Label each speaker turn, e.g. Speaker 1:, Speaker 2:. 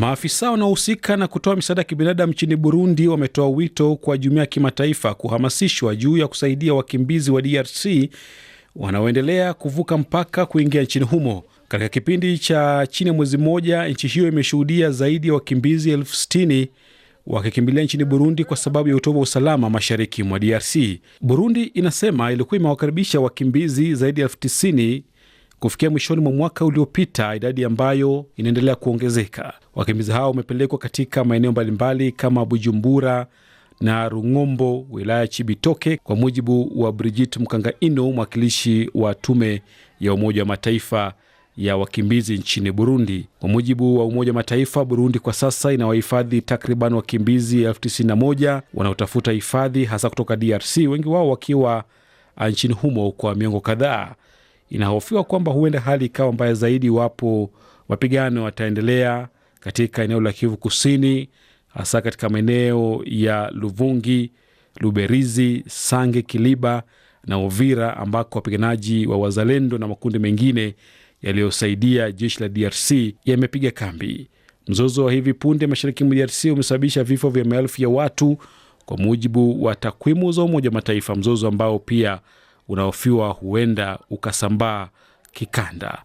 Speaker 1: Maafisa wanaohusika na kutoa misaada ya kibinadamu nchini Burundi wametoa wito kwa jumuiya ya kimataifa kuhamasishwa juu ya kusaidia wakimbizi wa DRC wanaoendelea kuvuka mpaka kuingia nchini humo. Katika kipindi cha chini ya mwezi mmoja, nchi hiyo imeshuhudia zaidi ya wakimbizi elfu sitini wakikimbilia nchini Burundi kwa sababu ya utovu wa usalama mashariki mwa DRC. Burundi inasema ilikuwa imewakaribisha wakimbizi zaidi ya elfu tisini kufikia mwishoni mwa mwaka uliopita, idadi ambayo inaendelea kuongezeka. Wakimbizi hao wamepelekwa katika maeneo mbalimbali kama Bujumbura na Rung'ombo, wilaya ya Chibitoke, kwa mujibu wa Brigit Mkangaino, mwakilishi wa tume ya Umoja wa Mataifa ya wakimbizi nchini Burundi. Kwa mujibu wa Umoja wa Mataifa, Burundi kwa sasa inawahifadhi takriban wakimbizi elfu tisini na moja wanaotafuta hifadhi hasa kutoka DRC, wengi wao wakiwa nchini humo kwa miongo kadhaa. Inahofiwa kwamba huenda hali ikawa mbaya zaidi iwapo mapigano yataendelea katika eneo la Kivu Kusini, hasa katika maeneo ya Luvungi, Luberizi, Sange, Kiliba na Uvira ambako wapiganaji wa Wazalendo na makundi mengine yaliyosaidia jeshi la DRC yamepiga kambi. Mzozo wa hivi punde mashariki mwa DRC umesababisha vifo vya maelfu ya watu kwa mujibu wa takwimu za Umoja wa Mataifa, mzozo ambao pia unaofiwa huenda ukasambaa kikanda.